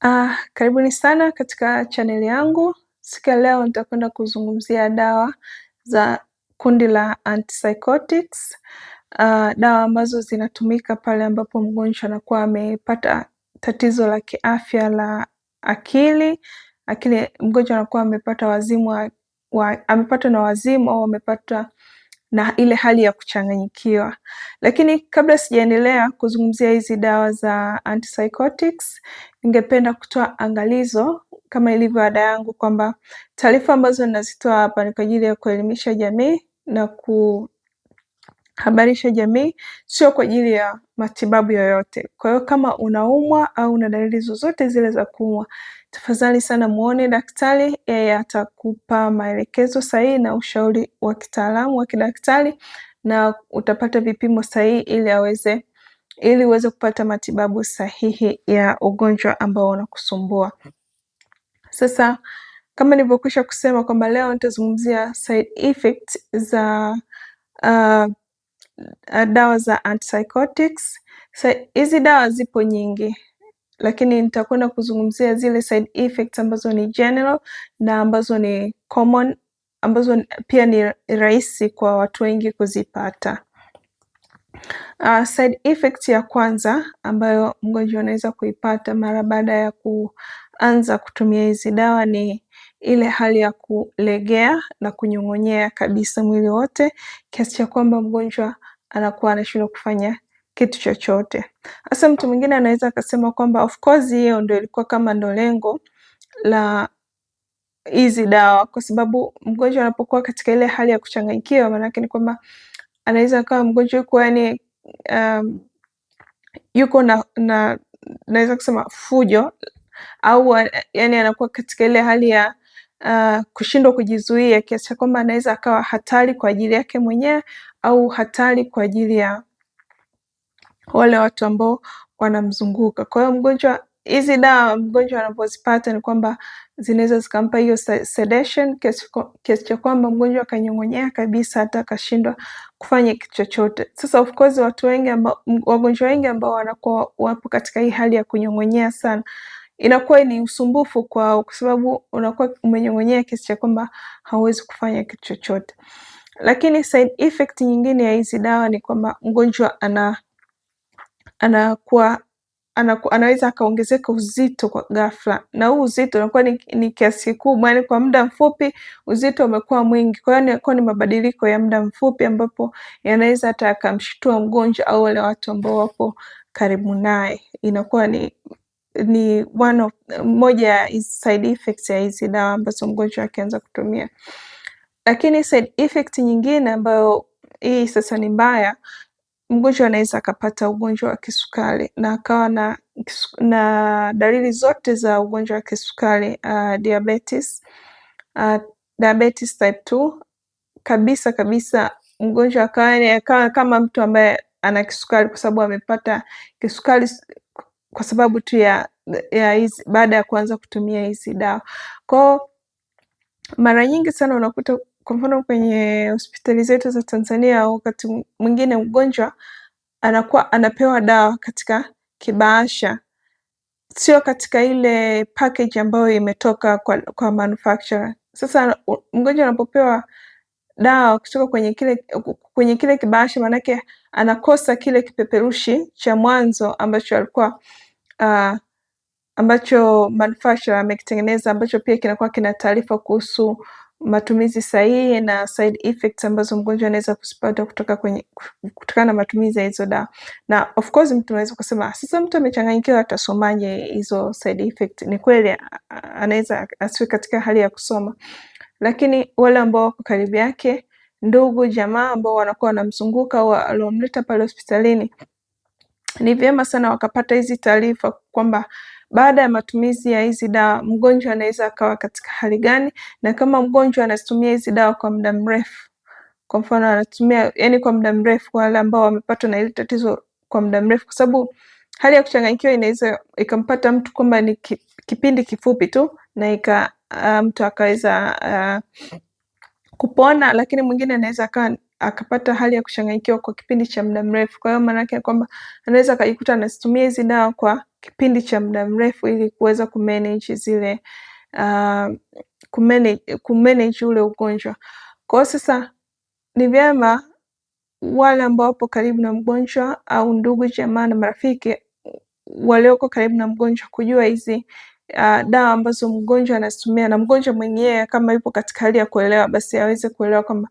Ah, karibuni sana katika chaneli yangu. Siku ya leo nitakwenda kuzungumzia dawa za kundi la antipsychotics. Ah, dawa ambazo zinatumika pale ambapo mgonjwa anakuwa amepata tatizo la kiafya la akili akili, mgonjwa anakuwa amepata wazimu wa, amepatwa na wazimu au amepata na ile hali ya kuchanganyikiwa. Lakini kabla sijaendelea kuzungumzia hizi dawa za antipsychotics, ningependa kutoa angalizo kama ilivyo ada yangu kwamba taarifa ambazo ninazitoa hapa ni kwa ajili ya kuelimisha jamii na ku habarisha jamii, sio kwa ajili ya matibabu yoyote. Kwa hiyo kama unaumwa au una dalili zozote zile za kuumwa Tafadhali sana muone daktari, yeye atakupa maelekezo sahihi na ushauri wa kitaalamu wa kidaktari, na utapata vipimo sahihi ili aweze ili uweze kupata matibabu sahihi ya ugonjwa ambao unakusumbua. Sasa kama nilivyokwisha kusema kwamba leo nitazungumzia side effect za uh, dawa za antipsychotics. Hizi dawa zipo nyingi, lakini nitakwenda kuzungumzia zile side effects ambazo ni general na ambazo ni common, ambazo pia ni rahisi kwa watu wengi kuzipata. Uh, side effect ya kwanza ambayo mgonjwa anaweza kuipata mara baada ya kuanza kutumia hizi dawa ni ile hali ya kulegea na kunyong'onyea kabisa mwili wote kiasi cha kwamba mgonjwa anakuwa anashindwa kufanya kitu chochote. Hasa mtu ah. mwingine anaweza akasema kwamba of course hiyo ndo ilikuwa kama ndo lengo la hizi dawa, kwa sababu mgonjwa anapokuwa katika ile hali ya kuchanganyikiwa, maanake ni kwamba anaweza akawa mgonjwa yuko yani, um, yuko na, na naweza kusema fujo au yani anakuwa katika ile hali ya uh, kushindwa kujizuia kiasi cha kwamba anaweza akawa hatari kwa ajili yake mwenyewe au hatari kwa ajili ya wale watu ambao wanamzunguka. Kwa hiyo mgonjwa, hizi dawa mgonjwa anapozipata ni kwamba zinaweza zikampa hiyo sedation, kiasi cha kwamba mgonjwa akanyong'onyea kabisa, hata akashindwa kufanya kitu chochote. Sasa of course watu wengi ambao, wagonjwa wengi ambao wanakuwa wapo katika hii hali ya kunyong'onyea sana inakuwa ni usumbufu kwao, kwa sababu unakuwa umenyong'onyea kiasi cha kwamba hauwezi kufanya kitu chochote. Lakini side effect nyingine ya hizi dawa ni kwamba mgonjwa ana anakuwa anaku, anaweza akaongezeka uzito kwa ghafla, na huu uzito unakuwa ni, ni kiasi kikubwa, yani kwa muda mfupi uzito umekuwa mwingi. Kwa hiyo inakuwa ni mabadiliko ya muda mfupi, ambapo yanaweza hata yakamshtua mgonjwa au wale watu ambao wapo karibu naye. Inakuwa ni ni one of, moja ya side effects ya hizi dawa ambazo mgonjwa akianza kutumia. Lakini side effect nyingine ambayo hii sasa ni mbaya mgonjwa anaweza akapata ugonjwa wa kisukari na akawa na, na dalili zote za ugonjwa wa kisukari uh, diabetes, uh, diabetes type 2 kabisa kabisa, mgonjwa akawa kama mtu ambaye ana kisukari, kwa sababu amepata kisukari kwa sababu tu ya, ya hizi baada ya kuanza kutumia hizi dawa kwao mara nyingi sana unakuta kwa mfano kwenye hospitali zetu za Tanzania, wakati mwingine mgonjwa anakuwa anapewa dawa katika kibaasha, sio katika ile package ambayo imetoka kwa, kwa manufacturer. Sasa mgonjwa anapopewa dawa kutoka kwenye kile, kwenye kile kibaasha, maanake anakosa kile kipeperushi cha mwanzo ambacho alikuwa uh, ambacho manufacturer amekitengeneza ambacho pia kinakuwa kina taarifa kuhusu matumizi sahihi na side effects ambazo mgonjwa anaweza kuzipata kutoka kwenye kutokana na matumizi ya hizo dawa. Na of course mtu anaweza kusema sasa, mtu amechanganyikiwa, atasomaje hizo side effect? Ni kweli, anaweza asiwe katika hali ya kusoma, lakini wale ambao wako karibu yake, ndugu, jamaa ambao wanakuwa wanamzunguka au waliomleta pale hospitalini, ni vyema sana wakapata hizi taarifa kwamba baada ya matumizi ya hizi dawa, mgonjwa anaweza akawa katika hali gani, na kama mgonjwa anazitumia hizi dawa kwa muda mrefu, kwa mfano anatumia yani kwa muda mrefu, kwa wale ambao wamepatwa na hili tatizo kwa muda mrefu, kwa sababu hali ya kuchanganyikiwa inaweza ikampata mtu kwamba ni kipindi kifupi tu na ika uh, mtu akaweza uh, kupona, lakini mwingine anaweza akawa akapata hali ya kuchanganyikiwa kwa kipindi cha muda mrefu. Kwa hiyo maana yake kwamba anaweza akajikuta anazitumia hizi dawa kwa kipindi cha muda mrefu ili kuweza kumanage zile uh, ah, kumanage, kumanage ule ugonjwa. Kwa sasa ni vyema wale ambao wapo karibu na mgonjwa au ndugu, jamaa na marafiki walioko karibu na mgonjwa kujua hizi uh, dawa ambazo mgonjwa anazitumia, na mgonjwa mwenyewe kama yupo katika hali ya kuelewa, basi aweze kuelewa kwamba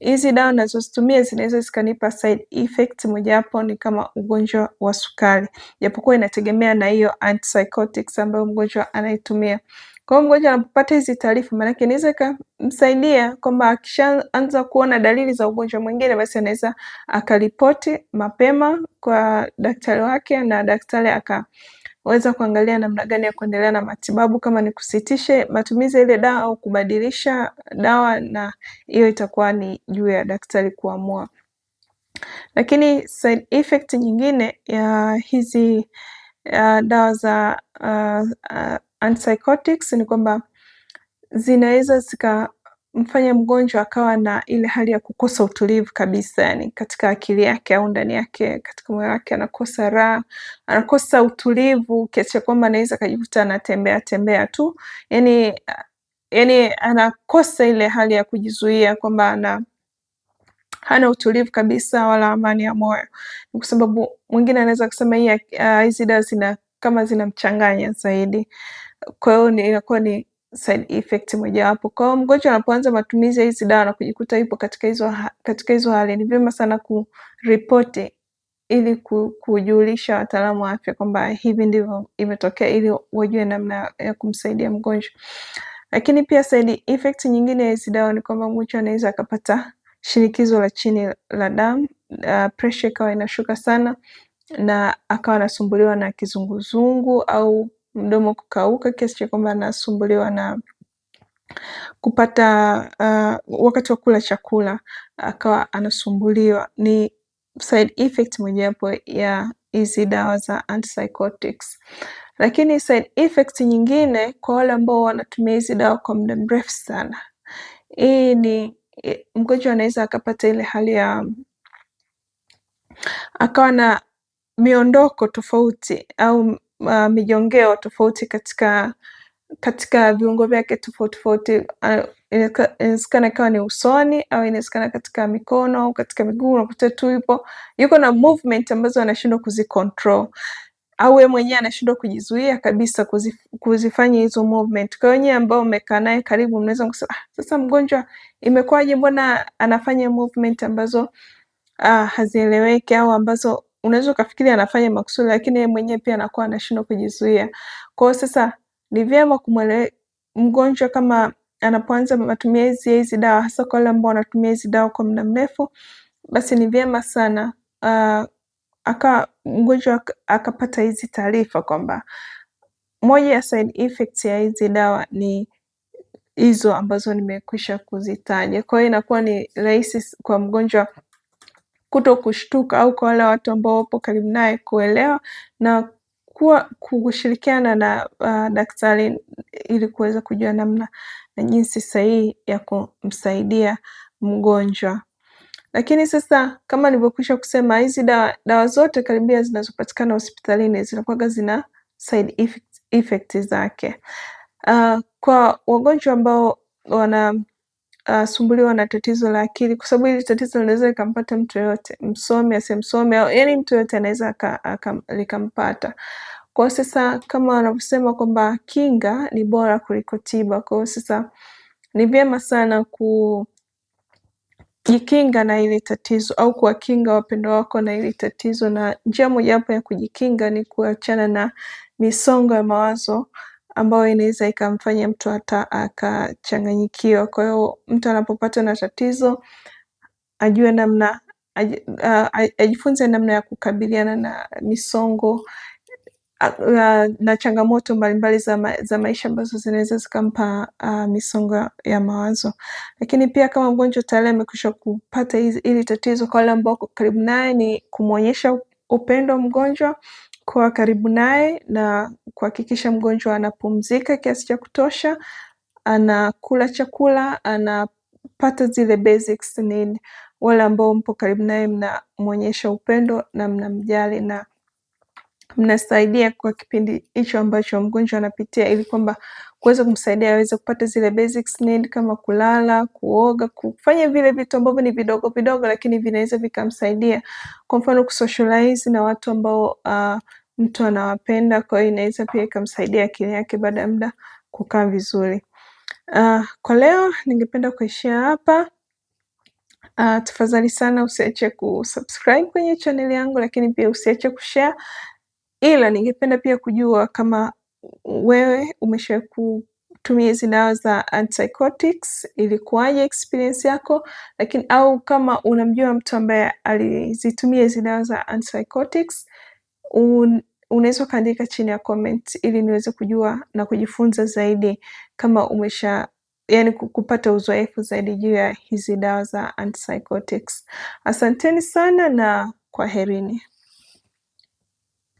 hizi dawa nazozitumia zinaweza zikanipa side effect, mojawapo ni kama ugonjwa wa sukari, japokuwa inategemea na hiyo antipsychotics ambayo mgonjwa anaitumia. Kwa hiyo mgonjwa anapopata hizi taarifa, maanake inaweza ikamsaidia kwamba akishaanza kuona dalili za ugonjwa mwingine, basi anaweza akaripoti mapema kwa daktari wake na daktari aka waweza kuangalia namna gani ya kuendelea na matibabu, kama ni kusitishe matumizi ya ile dawa au kubadilisha dawa, na hiyo itakuwa ni juu ya daktari kuamua. Lakini side effect nyingine ya hizi ya dawa za uh, uh, antipsychotics ni kwamba zinaweza zika mfanya mgonjwa akawa na ile hali ya kukosa utulivu kabisa, yani katika akili yake au ndani yake, katika moyo wake, anakosa raha, anakosa utulivu kiasi cha kwamba anaweza akajikuta anatembea tembea tu, yani yani anakosa ile hali ya kujizuia kwamba ana hana utulivu kabisa wala amani ya moyo. Ni kwa sababu mwingine anaweza kusema hii ah, hizi uh, dawa zina kama zinamchanganya zaidi, kwa hiyo inakuwa ni side effect mojawapo. Kwa hiyo mgonjwa anapoanza matumizi ya hizi dawa na kujikuta yupo katika hizo katika hizo hali, ni vyema sana kuripoti ili kujulisha wataalamu wa afya kwamba hivi ndivyo imetokea, ili wajue namna ya kumsaidia mgonjwa. Lakini pia side effect nyingine ya hizi dawa ni kwamba mgonjwa anaweza akapata shinikizo la chini la damu, uh, pressure ikawa inashuka sana na akawa anasumbuliwa na kizunguzungu au mdomo kukauka kiasi cha kwamba anasumbuliwa na kupata uh, wakati wa kula chakula akawa anasumbuliwa. Ni side effect mojawapo ya hizi dawa za antipsychotics. Lakini side effect nyingine kwa wale ambao wanatumia hizi dawa kwa muda mrefu sana, hii ni mgonjwa anaweza akapata ile hali ya akawa na miondoko tofauti au uh, mijongeo tofauti katika katika viungo vyake tofauti tofauti. Uh, inawezekana ikawa ni usoni au inawezekana katika mikono au katika miguu. Unakuta tu yupo yuko na movement ambazo anashindwa kuzicontrol au yeye mwenyewe anashindwa kujizuia kabisa kuzif, kuzifanya hizo movement. Kwa wenyewe ambao mmekaa naye karibu, mnaweza kusema ah, sasa mgonjwa imekuwaje, mbona anafanya movement ambazo ah, hazieleweki au ambazo unaweza ukafikiri anafanya makusudi, lakini yeye mwenyewe pia anakuwa anashindwa kujizuia. Kwa hiyo sasa ni vyema kumwele mgonjwa kama anapoanza matumizi ya hizi dawa, hasa kwa wale ambao wanatumia hizi dawa kwa muda mrefu, basi ni vyema sana uh, aka mgonjwa akapata hizi taarifa kwamba moja ya side effects ya hizi dawa ni hizo ambazo nimekwisha kuzitaja. Kwa hiyo inakuwa ni rahisi kwa mgonjwa kuto kushtuka au kwa wale watu ambao wapo karibu naye kuelewa na kuwa kushirikiana na uh, daktari ili kuweza kujua namna na jinsi sahihi ya kumsaidia mgonjwa. Lakini sasa kama nilivyokwisha kusema, hizi dawa dawa zote karibia zinazopatikana hospitalini zinakuwaga zina side effect, effect zake. Uh, kwa wagonjwa ambao wana asumbuliwa na tatizo la akili, kwa sababu hili tatizo linaweza likampata mtu yoyote, msome au yani mtu yoyote anaweza likampata. Kwa sasa, kama wanavyosema kwamba kinga ni bora kuliko tiba, kwa hiyo sasa ni vyema sana kujikinga na hili tatizo au kuwakinga wapendwa wako na hili tatizo, na njia mojawapo ya kujikinga ni kuachana na misongo ya mawazo ambayo inaweza ikamfanya mtu hata akachanganyikiwa. Kwa hiyo mtu anapopatwa na tatizo ajue namna ajifunze namna ya kukabiliana na misongo na changamoto mbalimbali za, ma za maisha ambazo zinaweza zikampa uh, misongo ya mawazo. Lakini pia kama mgonjwa tayari amekwisha kupata hili tatizo, kwa wale ambao karibu naye ni kumwonyesha upendo mgonjwa kuwa karibu naye na kuhakikisha mgonjwa anapumzika kiasi cha kutosha, anakula chakula, anapata zile basics Wale ambao mpo karibu naye mnamwonyesha upendo na mnamjali na mnasaidia kwa kipindi hicho ambacho mgonjwa anapitia, ili kwamba kuweza kumsaidia aweze kupata zile basics need kama kulala, kuoga, kufanya vile vitu ambavyo ni vidogo vidogo, lakini vinaweza vikamsaidia, kwa mfano kusocialize na watu ambao uh, mtu anawapenda kwa hiyo inaweza pia ikamsaidia akili yake baada ya muda kukaa vizuri. Uh, kwa leo ningependa kuishia hapa. Uh, tafadhali sana usiache kusubscribe kwenye chaneli yangu, lakini pia usiache kushare, ila ningependa pia kujua kama wewe umeshawahi kutumia hizi dawa za antipsychotics, ilikuwaje experience yako, lakini au kama unamjua mtu ambaye alizitumia hizi dawa za antipsychotics unaweza ukaandika chini ya comments ili niweze kujua na kujifunza zaidi kama umesha yani kupata uzoefu zaidi juu ya hizi dawa za antipsychotics. Asanteni sana na kwaherini.